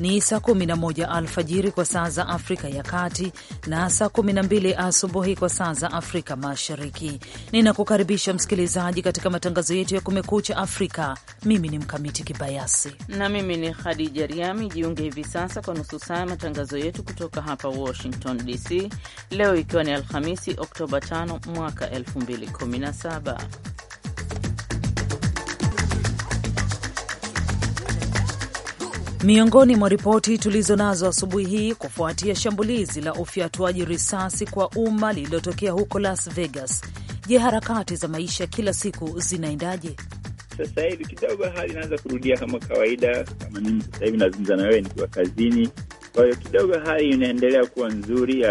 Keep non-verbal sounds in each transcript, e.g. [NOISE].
ni saa 11 alfajiri kwa saa za Afrika ya Kati na saa 12 asubuhi kwa saa za Afrika Mashariki. Ninakukaribisha msikilizaji katika matangazo yetu ya Kumekucha Afrika. Mimi ni Mkamiti Kibayasi na mimi ni Khadija Riami. Jiunge hivi sasa kwa nusu saa ya matangazo yetu kutoka hapa Washington DC, leo ikiwa ni Alhamisi Oktoba 5 mwaka 2017. Miongoni mwa ripoti tulizo nazo asubuhi hii, kufuatia shambulizi la ufyatuaji risasi kwa umma lililotokea huko Las Vegas, je, harakati za maisha kila siku zinaendaje? Sasa hivi kidogo hali inaanza kurudia kama kawaida, kama mimi sasa hivi nazungumza na wewe nikiwa kazini. Kwa hiyo kidogo hali inaendelea kuwa nzuri,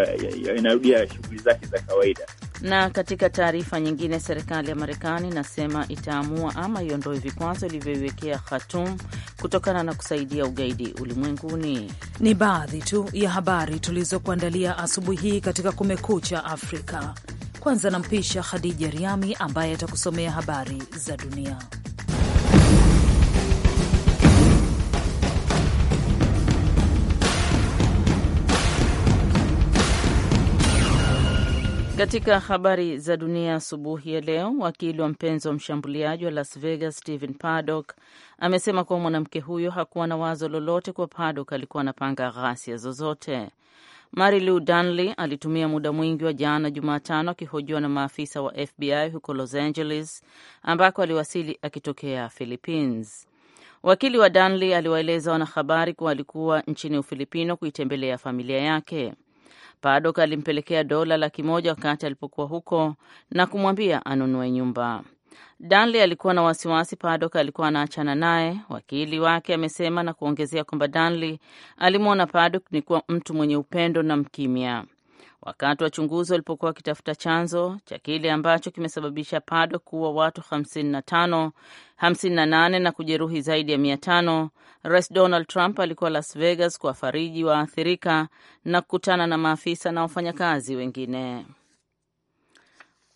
inarudia shughuli zake za kawaida. Na katika taarifa nyingine, serikali ya Marekani inasema itaamua ama iondoe vikwazo ilivyoiwekea Khatum kutokana na kusaidia ugaidi ulimwenguni. Ni baadhi tu ya habari tulizokuandalia asubuhi hii katika Kumekucha Afrika. Kwanza nampisha Khadija Riami ambaye atakusomea habari za dunia. Katika habari za dunia asubuhi ya leo, wakili wa mpenzi wa mshambuliaji wa Las Vegas Stephen Paddock amesema kuwa mwanamke huyo hakuwa na wazo lolote kuwa Paddock alikuwa anapanga ghasia zozote. Marilu Danley alitumia muda mwingi wa jana Jumatano akihojiwa na maafisa wa FBI huko Los Angeles ambako aliwasili akitokea Philippines. Wakili wa Danley aliwaeleza wanahabari kuwa alikuwa nchini Ufilipino kuitembelea familia yake. Padok alimpelekea dola laki moja wakati alipokuwa huko na kumwambia anunue nyumba. Danley alikuwa na wasiwasi Padok alikuwa anaachana naye, wakili wake amesema, na kuongezea kwamba Danley alimwona Padok ni kuwa mtu mwenye upendo na mkimya wakati wachunguzi walipokuwa wakitafuta chanzo cha kile ambacho kimesababisha Pado kuwa watu 55, 58 na kujeruhi zaidi ya 500. Rais Donald Trump alikuwa Las Vegas kuwafariji waathirika na kukutana na maafisa na wafanyakazi wengine.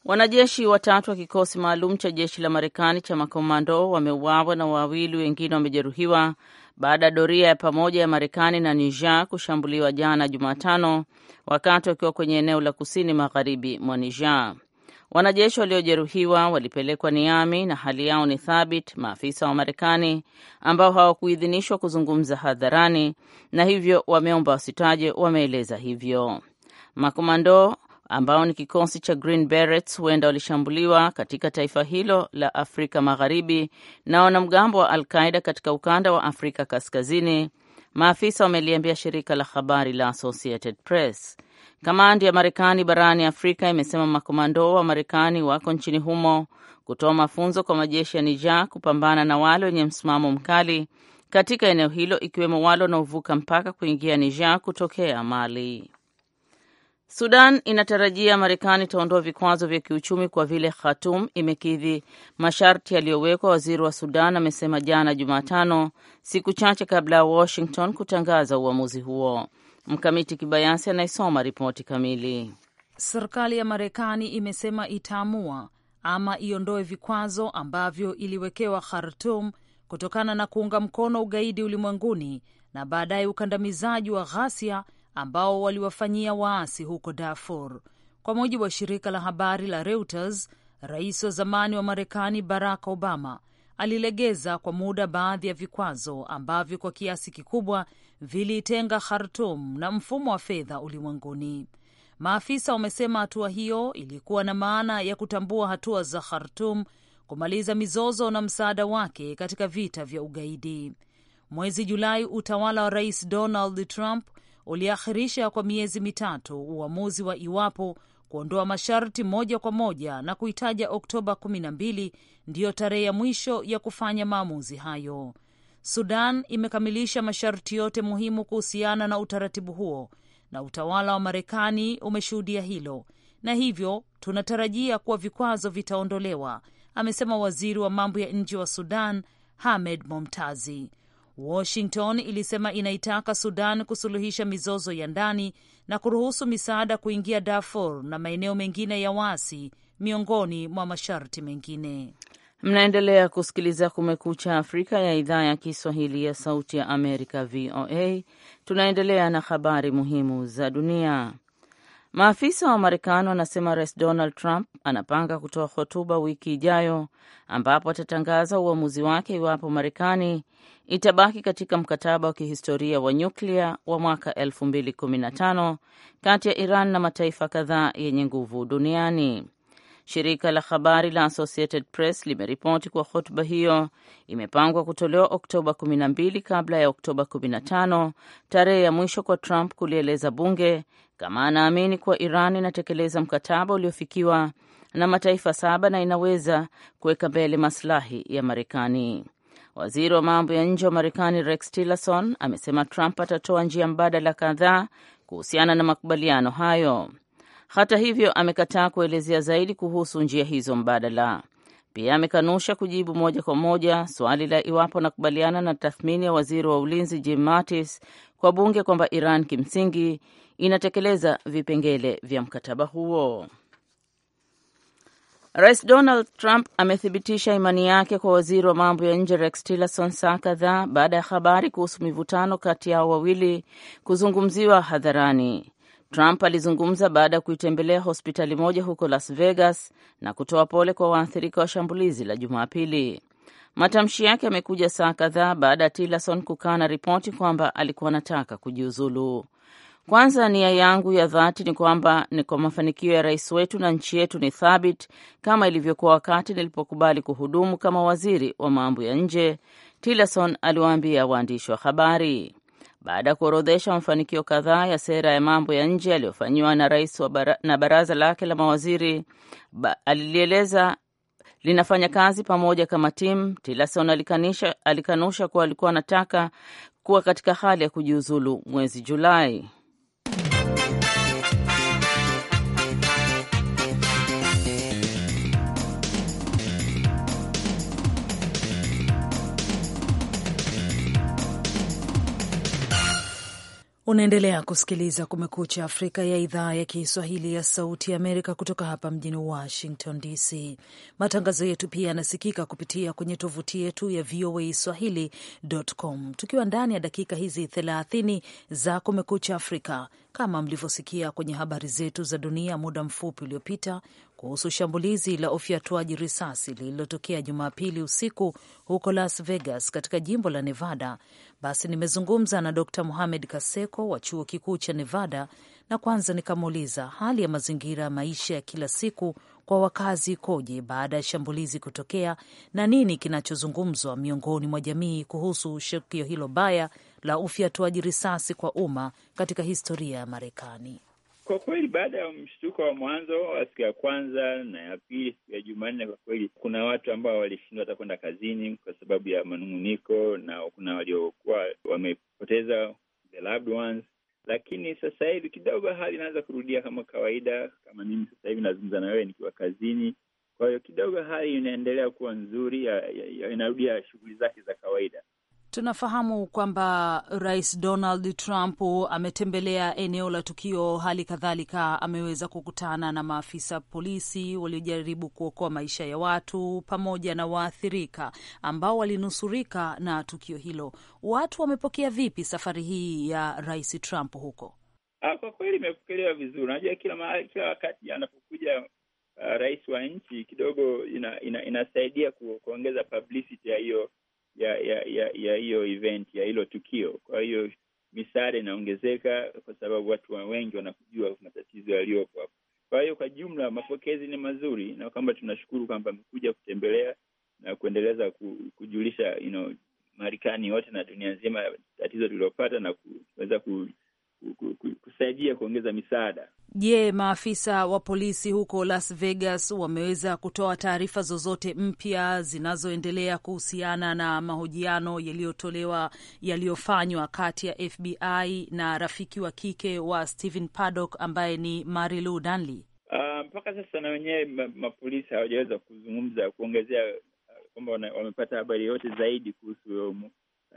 Wanajeshi watatu wa kikosi maalum cha jeshi la Marekani cha makomando wameuawa na wawili wengine wamejeruhiwa baada ya doria ya pamoja ya Marekani na Niger kushambuliwa jana Jumatano wakati wakiwa kwenye eneo la kusini magharibi mwa Niger. Wanajeshi waliojeruhiwa walipelekwa Niami na hali yao ni thabit, maafisa wa Marekani ambao hawakuidhinishwa kuzungumza hadharani na hivyo wameomba wasitaje, wameeleza hivyo. Makomando ambao ni kikosi cha Green Berets huenda walishambuliwa katika taifa hilo la Afrika Magharibi na wanamgambo wa Al-Qaida katika ukanda wa Afrika Kaskazini, maafisa wameliambia shirika la habari la Associated Press. Kamandi ya Marekani barani Afrika imesema makomando wa Marekani wako nchini humo kutoa mafunzo kwa majeshi ya Niger kupambana na wale wenye msimamo mkali katika eneo hilo, ikiwemo wale wanaovuka mpaka kuingia Niger kutokea Mali. Sudan inatarajia Marekani itaondoa vikwazo vya kiuchumi kwa vile Khartoum imekidhi masharti yaliyowekwa, waziri wa Sudan amesema jana Jumatano, siku chache kabla ya Washington kutangaza uamuzi huo. Mkamiti Kibayasi anaisoma ripoti kamili. Serikali ya Marekani imesema itaamua ama iondoe vikwazo ambavyo iliwekewa Khartoum kutokana na kuunga mkono ugaidi ulimwenguni na baadaye ukandamizaji wa ghasia ambao waliwafanyia waasi huko Darfur. Kwa mujibu wa shirika la habari la Reuters, rais wa zamani wa Marekani Barack Obama alilegeza kwa muda baadhi ya vikwazo ambavyo kwa kiasi kikubwa viliitenga Khartum na mfumo wa fedha ulimwenguni. Maafisa wamesema hatua hiyo ilikuwa na maana ya kutambua hatua za Khartum kumaliza mizozo na msaada wake katika vita vya ugaidi. Mwezi Julai, utawala wa rais Donald Trump uliakhirisha kwa miezi mitatu uamuzi wa iwapo kuondoa masharti moja kwa moja na kuitaja Oktoba 12 ndiyo tarehe ya mwisho ya kufanya maamuzi hayo. Sudan imekamilisha masharti yote muhimu kuhusiana na utaratibu huo na utawala wa Marekani umeshuhudia hilo, na hivyo tunatarajia kuwa vikwazo vitaondolewa, amesema waziri wa mambo ya nje wa Sudan Hamed Momtazi. Washington ilisema inaitaka Sudan kusuluhisha mizozo ya ndani na kuruhusu misaada kuingia Darfur na maeneo mengine ya wasi, miongoni mwa masharti mengine. Mnaendelea kusikiliza Kumekucha Afrika ya idhaa ya Kiswahili ya Sauti ya Amerika, VOA. Tunaendelea na habari muhimu za dunia. Maafisa wa Marekani wanasema Rais Donald Trump anapanga kutoa hotuba wiki ijayo ambapo atatangaza uamuzi wake iwapo Marekani itabaki katika mkataba wa kihistoria wa nyuklia wa mwaka 2015 kati ya Iran na mataifa kadhaa yenye nguvu duniani. Shirika la habari la Associated Press limeripoti kuwa hotuba hiyo imepangwa kutolewa Oktoba 12 kabla ya Oktoba 15, tarehe ya mwisho kwa Trump kulieleza bunge kama anaamini kuwa Iran inatekeleza mkataba uliofikiwa na mataifa saba na inaweza kuweka mbele maslahi ya Marekani. Waziri wa mambo ya nje wa Marekani Rex Tillerson amesema Trump atatoa njia mbadala kadhaa kuhusiana na makubaliano hayo. Hata hivyo, amekataa kuelezea zaidi kuhusu njia hizo mbadala. Pia amekanusha kujibu moja kwa moja swali la iwapo anakubaliana na tathmini ya waziri wa ulinzi Jim Mattis kwa bunge kwamba Iran kimsingi inatekeleza vipengele vya mkataba huo. Rais Donald Trump amethibitisha imani yake kwa waziri wa mambo ya nje Rex Tillerson saa kadhaa baada ya habari kuhusu mivutano kati yao wawili kuzungumziwa hadharani. Trump alizungumza baada ya kuitembelea hospitali moja huko Las Vegas na kutoa pole kwa waathirika wa shambulizi la Jumapili. Matamshi yake yamekuja saa kadhaa baada ya Tillerson kukana ripoti kwamba alikuwa anataka kujiuzulu. Kwanza, nia yangu ya dhati ni kwamba ni kwa mafanikio ya rais wetu na nchi yetu ni thabit kama ilivyokuwa wakati nilipokubali kuhudumu kama waziri wa mambo ya nje, Tillerson aliwaambia waandishi wa habari baada ya kuorodhesha mafanikio kadhaa ya sera ya mambo ya nje yaliyofanyiwa na rais bara, na baraza lake la mawaziri ba, alilieleza linafanya kazi pamoja kama timu. Tillerson alikanusha kuwa alikuwa anataka kuwa katika hali ya kujiuzulu mwezi Julai. Unaendelea kusikiliza Kumekucha Afrika ya idhaa ya Kiswahili ya Sauti ya Amerika kutoka hapa mjini Washington DC. Matangazo yetu pia yanasikika kupitia kwenye tovuti yetu ya VOA Swahili.com. Tukiwa ndani ya dakika hizi thelathini za Kumekucha Afrika, kama mlivyosikia kwenye habari zetu za dunia muda mfupi uliopita, kuhusu shambulizi la ufyatuaji risasi lililotokea Jumapili usiku huko Las Vegas katika jimbo la Nevada, basi nimezungumza na Dr. muhamed Kaseko wa chuo kikuu cha Nevada na kwanza nikamuuliza hali ya mazingira ya maisha ya kila siku kwa wakazi ikoje baada ya shambulizi kutokea na nini kinachozungumzwa miongoni mwa jamii kuhusu shukio hilo baya la ufyatuaji risasi kwa umma katika historia ya Marekani. Kwa kweli baada ya mshtuko wa mwanzo wa siku ya kwanza na ya pili, siku ya Jumanne, kwa kweli kuna watu ambao walishindwa hata kwenda kazini kwa sababu ya manung'uniko, na kuna waliokuwa wamepoteza the loved ones. Lakini sasa hivi kidogo hali inaweza kurudia kama kawaida, kama mimi sasa hivi nazungumza na wewe nikiwa kazini. Kwa hiyo kidogo hali inaendelea kuwa nzuri inarudia shughuli zake za kawaida. Tunafahamu kwamba Rais Donald Trump ametembelea eneo la tukio, hali kadhalika ameweza kukutana na maafisa polisi waliojaribu kuokoa maisha ya watu pamoja na waathirika ambao walinusurika na tukio hilo. Watu wamepokea vipi safari hii ya Rais Trump huko? Ah, kwa kweli imepokelewa vizuri. Unajua, kila kila wakati anapokuja uh, rais wa nchi kidogo ina, ina, inasaidia kuongeza publicity ya hiyo ya ya ya ya hiyo event ya hilo tukio. Kwa hiyo misaada inaongezeka kwa sababu watu wa wengi wanakujua matatizo yaliyopo hapo. Kwa hiyo kwa jumla mapokezi ni mazuri, na kwamba tunashukuru kwamba amekuja kutembelea na kuendeleza kujulisha you know, Marekani yote na dunia nzima tatizo tuliopata na kuweza kusaidia kuongeza misaada. Je, maafisa wa polisi huko Las Vegas wameweza kutoa taarifa zozote mpya zinazoendelea kuhusiana na mahojiano yaliyotolewa yaliyofanywa kati ya FBI na rafiki wa kike wa Stephen Paddock ambaye ni Marilu Danley? Ah, mpaka sasa na wenyewe mapolisi hawajaweza kuzungumza kuongezea ah, kwamba wamepata habari yote zaidi kuhusu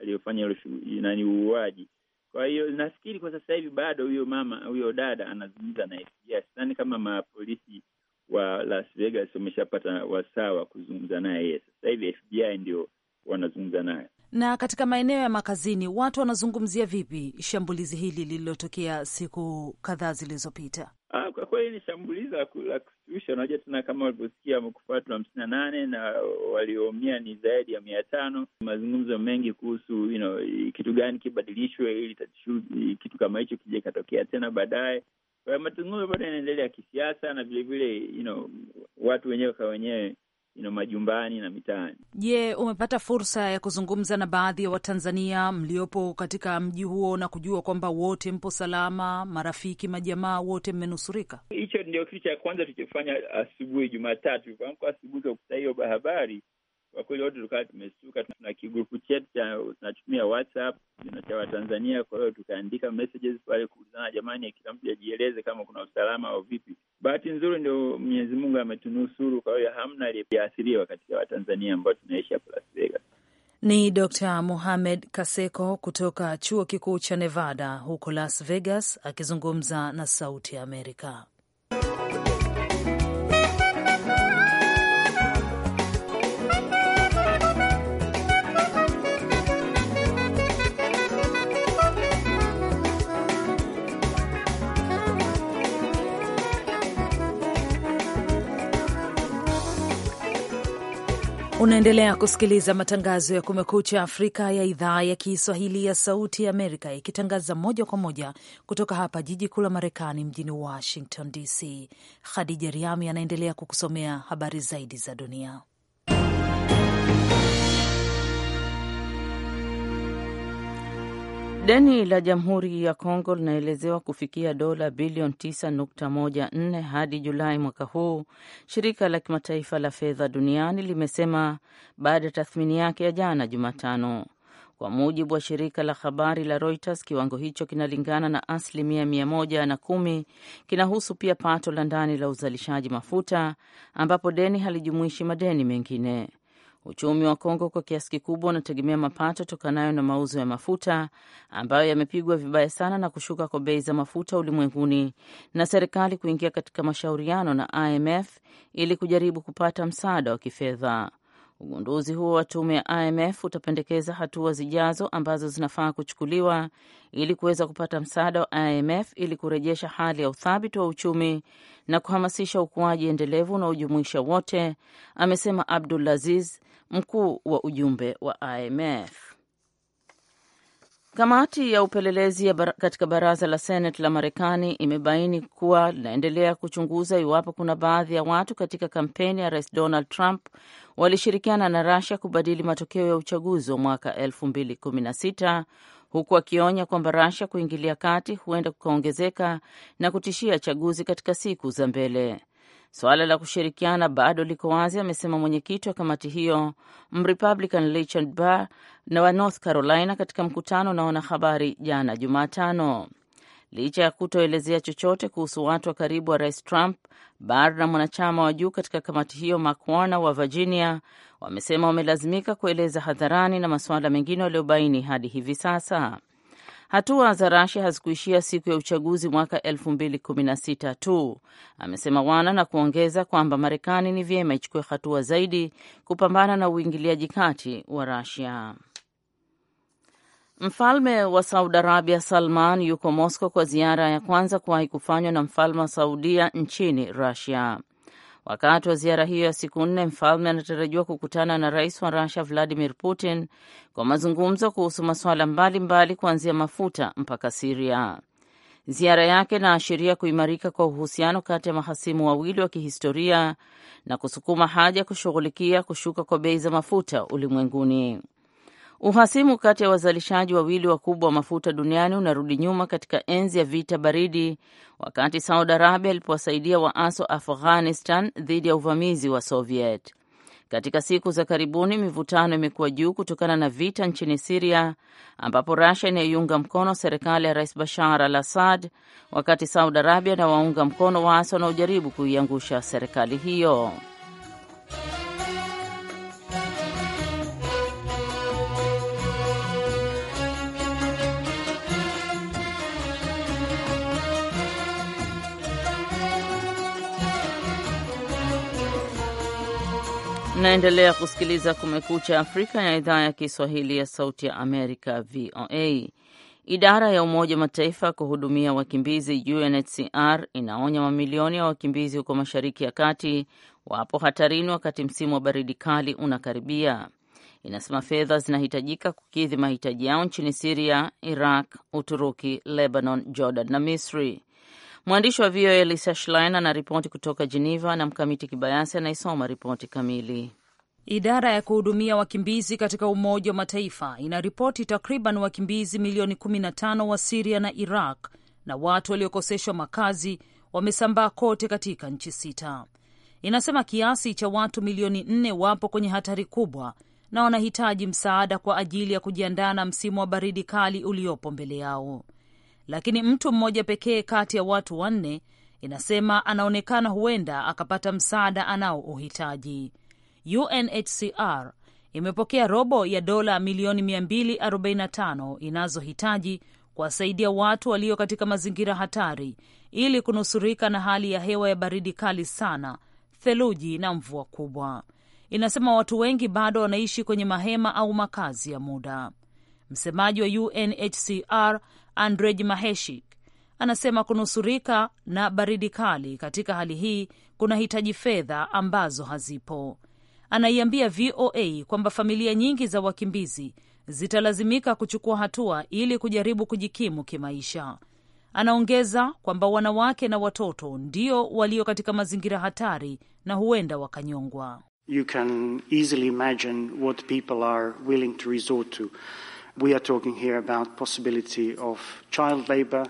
aliyofanya nani uuaji kwa hiyo nafikiri kwa sasa hivi bado huyo mama huyo dada anazungumza na FBI. Sidhani kama mapolisi wa Las Vegas wameshapata wasaa wa kuzungumza naye yeye. Sasa hivi FBI ndio wanazungumza naye. Na katika maeneo ya makazini, watu wanazungumzia vipi shambulizi hili lililotokea siku kadhaa zilizopita? Ah, kwa kweli ni shambulizi la kushtusha. Unajua tena kama walivyosikia wamekufa watu hamsini na nane na walioumia ni zaidi ya mia tano. Mazungumzo mengi kuhusu you know, kitu gani kibadilishwe ili tatishu, kitu kama hicho kija ikatokea tena baadaye. mazungumzo bado yanaendelea ya kisiasa na vilevile you know, watu wenyewe kwa wenyewe you know, majumbani na mitaani. Je, umepata fursa ya kuzungumza na baadhi ya wa Watanzania mliopo katika mji huo na kujua kwamba wote mpo salama, marafiki, majamaa, wote mmenusurika? Hicho ndio kitu cha kwanza tulichofanya asubuhi Jumatatu, kuamka asubuhi kwa kuta hiyo habari kwa kweli wote tukawa tumestuka. Tuna kigrupu chetu tunatumia WhatsApp cha Watanzania, kwa hiyo tukaandika messages pale kuulizana, jamani, kila mtu ajieleze kama kuna usalama au vipi. Bahati nzuri ndio Mwenyezi Mungu ametunusuru, kwa hiyo hamna aliyeathiriwa katika Watanzania ambao tunaishi hapa Las Vegas. Ni Dr muhamed Kaseko kutoka chuo kikuu cha Nevada huko Las Vegas akizungumza na Sauti ya Amerika. Unaendelea kusikiliza matangazo ya Kumekucha Afrika ya idhaa ya Kiswahili ya Sauti ya Amerika, ikitangaza moja kwa moja kutoka hapa jiji kuu la Marekani, mjini Washington DC. Khadija Riami anaendelea kukusomea habari zaidi za dunia. Deni la Jamhuri ya Kongo linaelezewa kufikia dola bilioni 9.14 hadi Julai mwaka huu, shirika la kimataifa la fedha duniani limesema baada ya tathmini yake ya jana Jumatano. Kwa mujibu wa shirika la habari la Reuters, kiwango hicho kinalingana na asilimia mia moja na kumi. Kinahusu pia pato la ndani la uzalishaji mafuta, ambapo deni halijumuishi madeni mengine. Uchumi wa Kongo kwa kiasi kikubwa unategemea mapato tokanayo na mauzo ya mafuta ambayo yamepigwa vibaya sana na kushuka kwa bei za mafuta ulimwenguni na serikali kuingia katika mashauriano na IMF ili kujaribu kupata msaada wa kifedha. Ugunduzi huo wa tume ya IMF utapendekeza hatua zijazo ambazo zinafaa kuchukuliwa ili kuweza kupata msaada wa IMF ili kurejesha hali ya uthabiti wa uchumi na kuhamasisha ukuaji endelevu unaojumuisha wote, amesema Abdulaziz mkuu wa ujumbe wa IMF. Kamati ya upelelezi ya bar katika baraza la Senate la Marekani imebaini kuwa linaendelea kuchunguza iwapo kuna baadhi ya watu katika kampeni ya Rais Donald Trump walishirikiana na Russia kubadili matokeo ya uchaguzi wa mwaka 2016 huku akionya kwamba Russia kuingilia kati huenda kukaongezeka na kutishia chaguzi katika siku za mbele. Suala la kushirikiana bado liko wazi, amesema mwenyekiti wa kamati hiyo Mrepublican Richard Burr na wa North Carolina katika mkutano na wanahabari jana Jumatano. Licha ya kutoelezea chochote kuhusu watu wa karibu wa rais Trump, bar na mwanachama wa juu katika kamati hiyo Mark Warner wa Virginia wamesema wamelazimika kueleza hadharani na masuala mengine waliobaini hadi hivi sasa. Hatua za Rasia hazikuishia siku ya uchaguzi mwaka elfu mbili kumi na sita tu, amesema Wana na kuongeza kwamba Marekani ni vyema ichukue hatua zaidi kupambana na uingiliaji kati wa Rasia. Mfalme wa Saudi Arabia Salman yuko Moscow kwa ziara ya kwanza kuwahi kufanywa na mfalme wa Saudia nchini Rusia. Wakati wa ziara hiyo ya siku nne, mfalme anatarajiwa kukutana na rais wa Russia Vladimir Putin kwa mazungumzo kuhusu masuala mbalimbali kuanzia mafuta mpaka Siria. Ziara yake inaashiria kuimarika kwa uhusiano kati ya mahasimu wawili wa kihistoria na kusukuma haja kushughulikia kushuka kwa bei za mafuta ulimwenguni. Uhasimu kati ya wazalishaji wawili wakubwa wa mafuta duniani unarudi nyuma katika enzi ya vita baridi, wakati Saudi Arabia alipowasaidia waasi wa Afghanistan dhidi ya uvamizi wa Soviet. Katika siku za karibuni mivutano imekuwa juu kutokana na vita nchini Siria, ambapo Russia inayoiunga mkono serikali ya Rais Bashar al Assad, wakati Saudi Arabia inawaunga mkono waasi wanaojaribu kuiangusha serikali hiyo. Mnaendelea kusikiliza Kumekucha Afrika ya idhaa ya Kiswahili ya Sauti ya Amerika, VOA. Idara ya Umoja wa Mataifa kuhudumia wakimbizi UNHCR inaonya mamilioni ya wakimbizi huko Mashariki ya Kati wapo hatarini wakati msimu wa baridi kali unakaribia. Inasema fedha zinahitajika kukidhi mahitaji yao nchini Siria, Iraq, Uturuki, Lebanon, Jordan na Misri. Mwandishi wa VOA Lisa Schlein anaripoti kutoka Geneva na Mkamiti Kibayasi anaisoma ripoti kamili. Idara ya kuhudumia wakimbizi katika Umoja wa Mataifa inaripoti takriban wakimbizi milioni 15 wa Siria na Iraq na watu waliokoseshwa makazi wamesambaa kote katika nchi sita. Inasema kiasi cha watu milioni nne wapo kwenye hatari kubwa na wanahitaji msaada kwa ajili ya kujiandaa na msimu wa baridi kali uliopo mbele yao lakini mtu mmoja pekee kati ya watu wanne inasema anaonekana huenda akapata msaada anaouhitaji. UNHCR imepokea robo ya dola milioni 245 inazohitaji kuwasaidia watu walio katika mazingira hatari ili kunusurika na hali ya hewa ya baridi kali sana, theluji na mvua kubwa. Inasema watu wengi bado wanaishi kwenye mahema au makazi ya muda. Msemaji wa UNHCR Andrej Maheshik anasema kunusurika na baridi kali katika hali hii kunahitaji fedha ambazo hazipo. Anaiambia VOA kwamba familia nyingi za wakimbizi zitalazimika kuchukua hatua ili kujaribu kujikimu kimaisha. Anaongeza kwamba wanawake na watoto ndio walio katika mazingira hatari na huenda wakanyongwa. You can easily imagine what people are willing to resort to. We are talking here about possibility of child labor.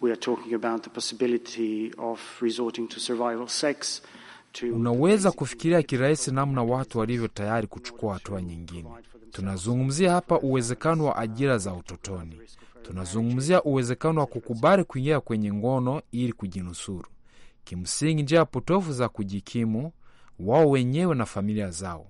We are talking about the possibility of resorting to survival sex. To... Unaweza kufikiria kirahisi namna watu walivyo tayari kuchukua hatua nyingine. Tunazungumzia hapa uwezekano wa ajira za utotoni. Tunazungumzia uwezekano wa kukubali kuingia kwenye ngono ili kujinusuru, kimsingi njia potofu za kujikimu wao wenyewe na familia zao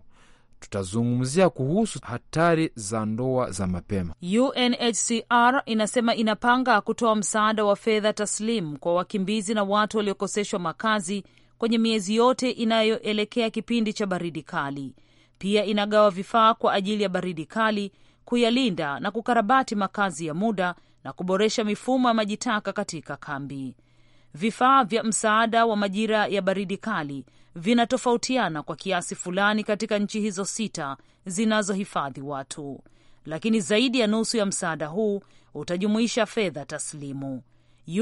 tutazungumzia kuhusu hatari za ndoa za mapema. UNHCR inasema inapanga kutoa msaada wa fedha taslimu kwa wakimbizi na watu waliokoseshwa makazi kwenye miezi yote inayoelekea kipindi cha baridi kali. Pia inagawa vifaa kwa ajili ya baridi kali, kuyalinda na kukarabati makazi ya muda na kuboresha mifumo ya majitaka katika kambi. Vifaa vya msaada wa majira ya baridi kali vinatofautiana kwa kiasi fulani katika nchi hizo sita zinazohifadhi watu, lakini zaidi ya nusu ya msaada huu utajumuisha fedha taslimu.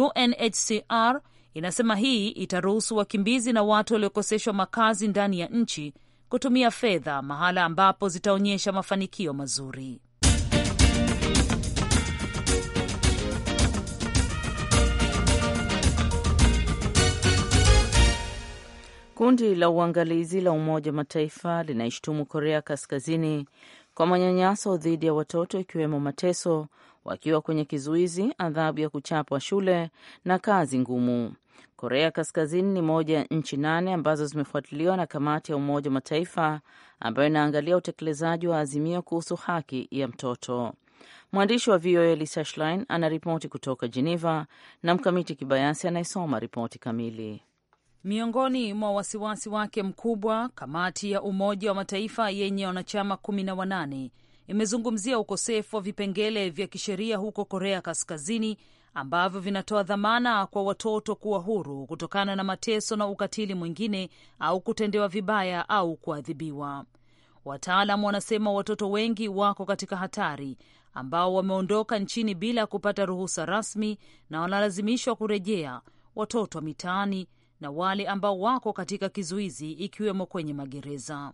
UNHCR inasema hii itaruhusu wakimbizi na watu waliokoseshwa makazi ndani ya nchi kutumia fedha mahala ambapo zitaonyesha mafanikio mazuri. Kundi la uangalizi la Umoja wa Mataifa linaishtumu Korea Kaskazini kwa manyanyaso dhidi ya watoto ikiwemo mateso wakiwa kwenye kizuizi, adhabu ya kuchapwa shule na kazi ngumu. Korea Kaskazini ni moja ya nchi nane ambazo zimefuatiliwa na kamati ya Umoja wa Mataifa ambayo inaangalia utekelezaji wa azimio kuhusu haki ya mtoto. Mwandishi wa VOA Lisa Schlein anaripoti kutoka Geneva na Mkamiti Kibayasi anayesoma ripoti kamili. Miongoni mwa wasiwasi wake mkubwa, kamati ya Umoja wa Mataifa yenye wanachama kumi na wanane imezungumzia ukosefu wa vipengele vya kisheria huko Korea Kaskazini ambavyo vinatoa dhamana kwa watoto kuwa huru kutokana na mateso na ukatili mwingine au kutendewa vibaya au kuadhibiwa. Wataalam wanasema watoto wengi wako katika hatari, ambao wameondoka nchini bila kupata ruhusa rasmi na wanalazimishwa kurejea, watoto wa mitaani, na wale ambao wako katika kizuizi ikiwemo kwenye magereza.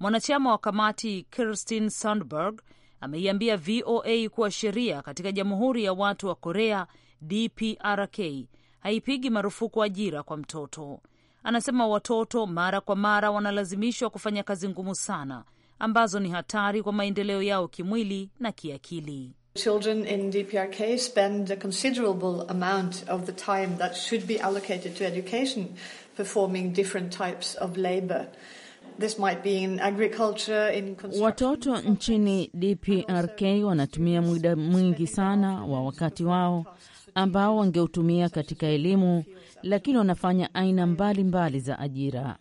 Mwanachama wa kamati Kirsten Sandberg ameiambia VOA kuwa sheria katika Jamhuri ya Watu wa Korea DPRK haipigi marufuku ajira kwa mtoto. Anasema watoto mara kwa mara wanalazimishwa kufanya kazi ngumu sana ambazo ni hatari kwa maendeleo yao kimwili na kiakili. Children in DPRK spend a considerable amount of the time that should be allocated to education performing different types of labor. This might be in agriculture, in construction. Watoto nchini DPRK wanatumia muda mwingi sana wa wakati wao ambao wangeutumia katika elimu, lakini wanafanya aina mbalimbali mbali za ajira.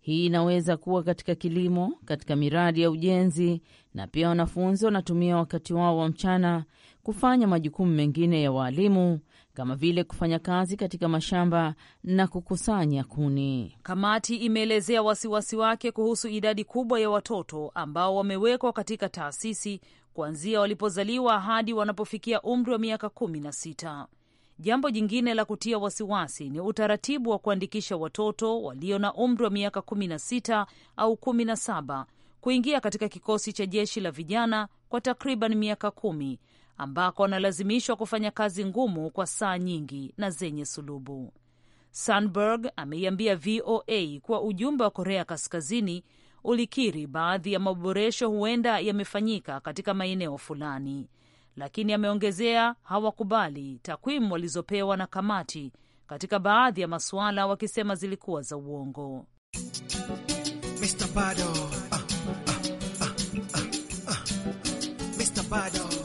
Hii inaweza kuwa katika kilimo, katika miradi ya ujenzi, na pia wanafunzi wanatumia wakati wao wa mchana kufanya majukumu mengine ya waalimu kama vile kufanya kazi katika mashamba na kukusanya kuni. Kamati imeelezea wasiwasi wake kuhusu idadi kubwa ya watoto ambao wamewekwa katika taasisi kuanzia walipozaliwa hadi wanapofikia umri wa miaka kumi na sita. Jambo jingine la kutia wasiwasi ni utaratibu wa kuandikisha watoto walio na umri wa miaka sita au saba kuingia katika kikosi cha jeshi la vijana kwa takriban miaka kumi ambako wanalazimishwa kufanya kazi ngumu kwa saa nyingi na zenye sulubu. Sandberg ameiambia VOA kuwa ujumbe wa Korea Kaskazini ulikiri baadhi ya maboresho huenda yamefanyika katika maeneo fulani, lakini ameongezea hawakubali takwimu walizopewa na kamati katika baadhi ya masuala, wakisema zilikuwa za uongo. Mr. Bado. Ah, ah, ah, Mr. Bado.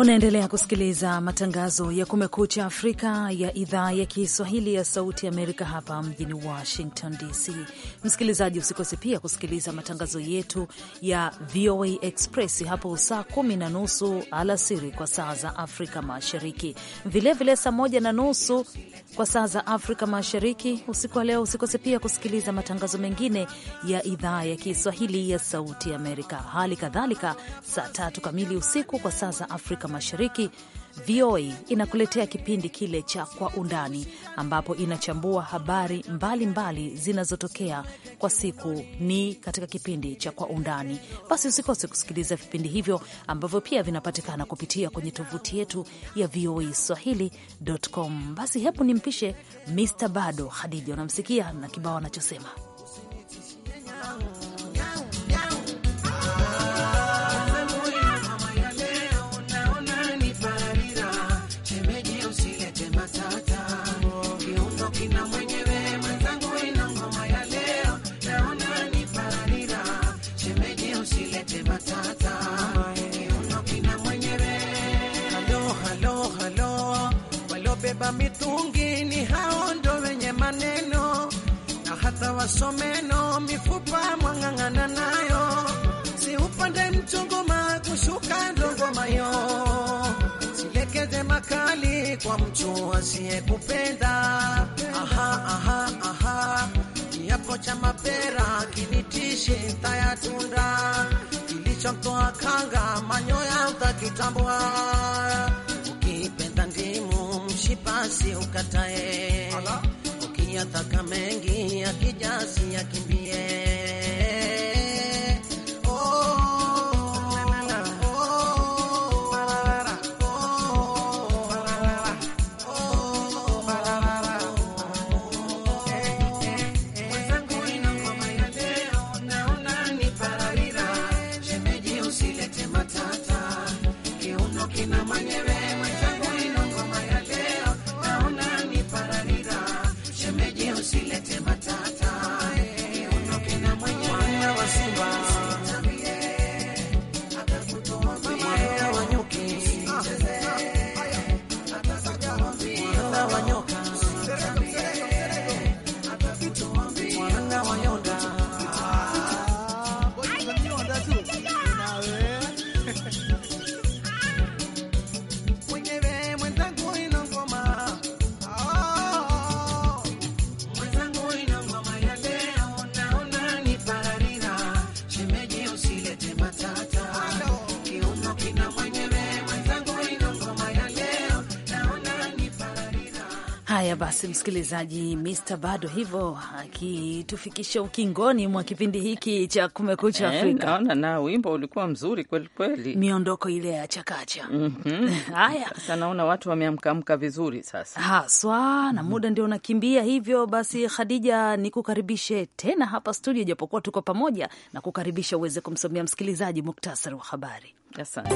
Unaendelea kusikiliza matangazo ya Kumekucha Afrika ya idhaa ya Kiswahili ya Sauti Amerika hapa mjini Washington DC. Msikilizaji, usikose pia kusikiliza matangazo yetu ya VOA Express hapo saa kumi na nusu alasiri kwa saa za Afrika Mashariki, vilevile saa moja na nusu kwa saa za Afrika Mashariki usiku wa leo. Usikose pia kusikiliza matangazo mengine ya idhaa ya Kiswahili ya Sauti Amerika, hali kadhalika saa tatu kamili usiku kwa saa za Afrika Mashariki, VOA inakuletea kipindi kile cha Kwa Undani, ambapo inachambua habari mbalimbali zinazotokea kwa siku ni katika kipindi cha Kwa Undani. Basi usikose kusikiliza vipindi hivyo ambavyo pia vinapatikana kupitia kwenye tovuti yetu ya VOA Swahili.com. Basi hebu nimpishe Mr Bado Hadija, unamsikia na kibao anachosema mitungi ni hao ndo wenye maneno na hata wasomeno mifupa mwang'ang'ana nayo, si upande Mchongoma kushuka Ndongomayo, silekeze makali kwa mtu asiyekupenda. Aha, aha, aha, kiapo cha mapera kinitishi ntayatunda kilichomtoa kanga manyoya utakitambua basi ukatae, ukiataka mengi akijasi Haya basi, msikilizaji, Mr bado hivyo akitufikisha ukingoni mwa kipindi hiki cha Kumekucha eh, Afrika. Naona na wimbo ulikuwa mzuri kweli kweli, miondoko ile ya chakacha. mm -hmm. [LAUGHS] Haya sasa, naona watu wameamkaamka vizuri sasa haswa na mm -hmm. muda ndio unakimbia hivyo. Basi Khadija, nikukaribishe tena hapa studio, japokuwa tuko pamoja na kukaribisha uweze kumsomea msikilizaji muktasari wa habari. Asante.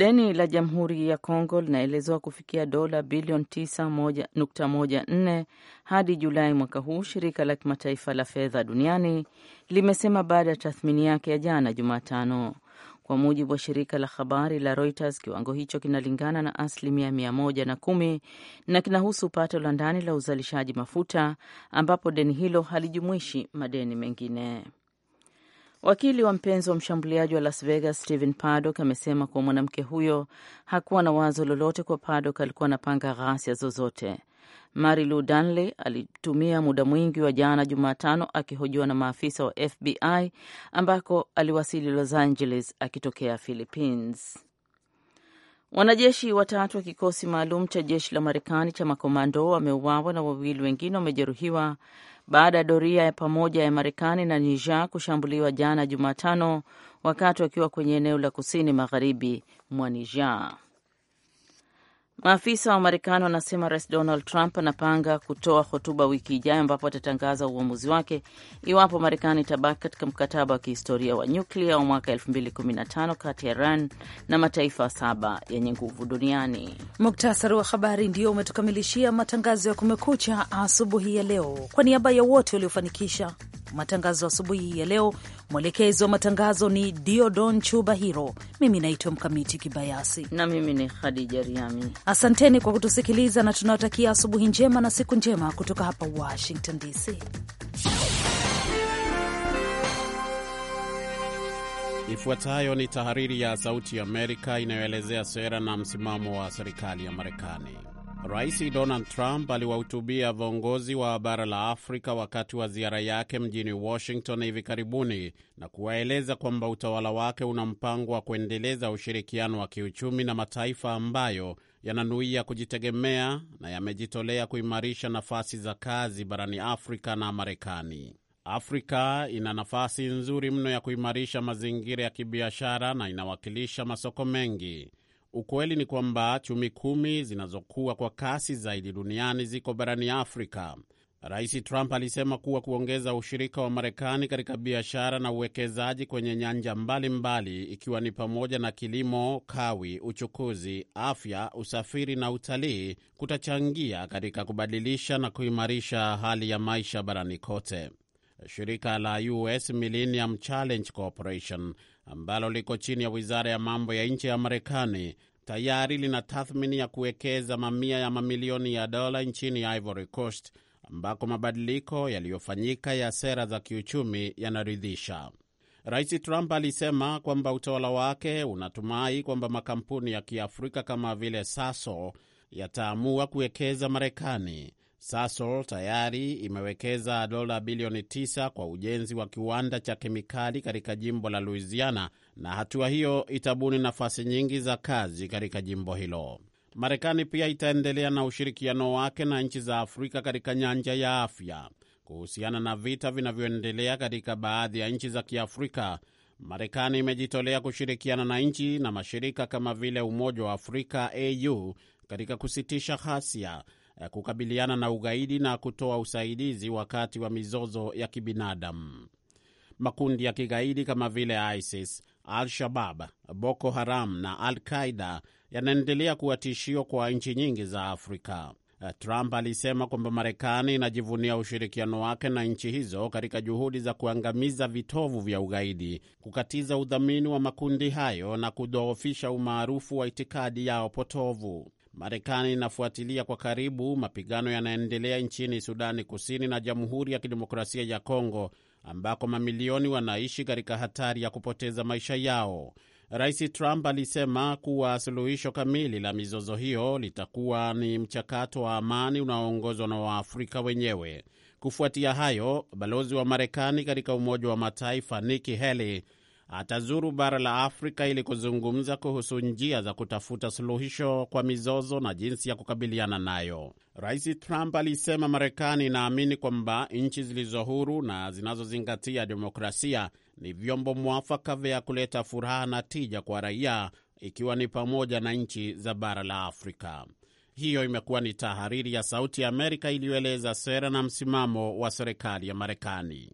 Deni la Jamhuri ya Kongo linaelezewa kufikia dola bilioni 9.14 hadi Julai mwaka huu, shirika la kimataifa la fedha duniani limesema baada ya tathmini yake ya jana Jumatano. Kwa mujibu wa shirika la habari la Reuters, kiwango hicho kinalingana na asilimia mia moja na kumi na kinahusu pato la ndani la uzalishaji mafuta, ambapo deni hilo halijumuishi madeni mengine. Wakili wa mpenzi wa mshambuliaji wa Las Vegas Stephen Paddock amesema kuwa mwanamke huyo hakuwa na wazo lolote kwa Paddock alikuwa anapanga ghasia zozote. lu Danley alitumia muda mwingi wa jana Jumatano akihojiwa na maafisa wa FBI ambako aliwasili Los Angeles akitokea Philippines. Wanajeshi watatu wa kikosi maalum cha jeshi la Marekani cha makomando wameuawa na wawili wengine wamejeruhiwa baada ya doria ya pamoja ya Marekani na Niger kushambuliwa jana Jumatano wakati wakiwa kwenye eneo la kusini magharibi mwa Niger. Maafisa wa Marekani wanasema Rais Donald Trump anapanga kutoa hotuba wiki ijayo ambapo atatangaza uamuzi wake iwapo Marekani itabaki katika mkataba wa kihistoria wa nyuklia wa mwaka 2015 kati ya Iran na mataifa saba yenye nguvu duniani. Muktasari wa habari ndio umetukamilishia matangazo ya Kumekucha asubuhi ya leo. Kwa niaba ya wote waliofanikisha matangazo asubuhi ya leo. Mwelekezi wa matangazo ni Diodon Chuba Hiro, mimi naitwa Mkamiti Kibayasi na mimi ni Hadija Riami. Asanteni kwa kutusikiliza na tunawatakia asubuhi njema na siku njema kutoka hapa Washington DC. Ifuatayo ni tahariri ya Sauti ya Amerika inayoelezea sera na msimamo wa serikali ya Marekani. Rais Donald Trump aliwahutubia viongozi wa bara la Afrika wakati wa ziara yake mjini Washington hivi karibuni na kuwaeleza kwamba utawala wake una mpango wa kuendeleza ushirikiano wa kiuchumi na mataifa ambayo yananuia kujitegemea na yamejitolea kuimarisha nafasi za kazi barani Afrika na Marekani. Afrika ina nafasi nzuri mno ya kuimarisha mazingira ya kibiashara na inawakilisha masoko mengi. Ukweli ni kwamba chumi kumi zinazokuwa kwa kasi zaidi duniani ziko barani Afrika. Rais Trump alisema kuwa kuongeza ushirika wa Marekani katika biashara na uwekezaji kwenye nyanja mbalimbali mbali, ikiwa ni pamoja na kilimo, kawi, uchukuzi, afya, usafiri na utalii kutachangia katika kubadilisha na kuimarisha hali ya maisha barani kote. Shirika la US Millennium Challenge Corporation ambalo liko chini ya wizara ya mambo ya nje ya Marekani tayari lina tathmini ya kuwekeza mamia ya mamilioni ya dola nchini Ivory Coast ambako mabadiliko yaliyofanyika ya sera za kiuchumi yanaridhisha. Rais Trump alisema kwamba utawala wake unatumai kwamba makampuni ya Kiafrika kama vile Saso yataamua kuwekeza Marekani. Sasol tayari imewekeza dola bilioni 9 kwa ujenzi wa kiwanda cha kemikali katika jimbo la Louisiana, na hatua hiyo itabuni nafasi nyingi za kazi katika jimbo hilo. Marekani pia itaendelea na ushirikiano wake na nchi za Afrika katika nyanja ya afya. Kuhusiana na vita vinavyoendelea katika baadhi ya nchi za Kiafrika, Marekani imejitolea kushirikiana na nchi na mashirika kama vile Umoja wa Afrika au katika kusitisha ghasia Eh, kukabiliana na ugaidi na kutoa usaidizi wakati wa mizozo ya kibinadamu. Makundi ya kigaidi kama vile ISIS, Al-Shabab, Boko Haram na Al-Qaida yanaendelea kuwa tishio kwa nchi nyingi za Afrika. Eh, Trump alisema kwamba Marekani inajivunia ushirikiano wake na nchi hizo katika juhudi za kuangamiza vitovu vya ugaidi, kukatiza udhamini wa makundi hayo na kudhoofisha umaarufu wa itikadi yao potovu. Marekani inafuatilia kwa karibu mapigano yanaendelea nchini Sudani Kusini na Jamhuri ya Kidemokrasia ya Kongo, ambako mamilioni wanaishi katika hatari ya kupoteza maisha yao. Rais Trump alisema kuwa suluhisho kamili la mizozo hiyo litakuwa ni mchakato wa amani unaoongozwa na Waafrika wenyewe. Kufuatia hayo, balozi wa Marekani katika Umoja wa Mataifa Nikki Haley atazuru bara la Afrika ili kuzungumza kuhusu njia za kutafuta suluhisho kwa mizozo na jinsi ya kukabiliana nayo. Rais Trump alisema Marekani inaamini kwamba nchi zilizo huru na zinazozingatia demokrasia ni vyombo mwafaka vya kuleta furaha na tija kwa raia, ikiwa ni pamoja na nchi za bara la Afrika. Hiyo imekuwa ni tahariri ya Sauti ya Amerika iliyoeleza sera na msimamo wa serikali ya Marekani.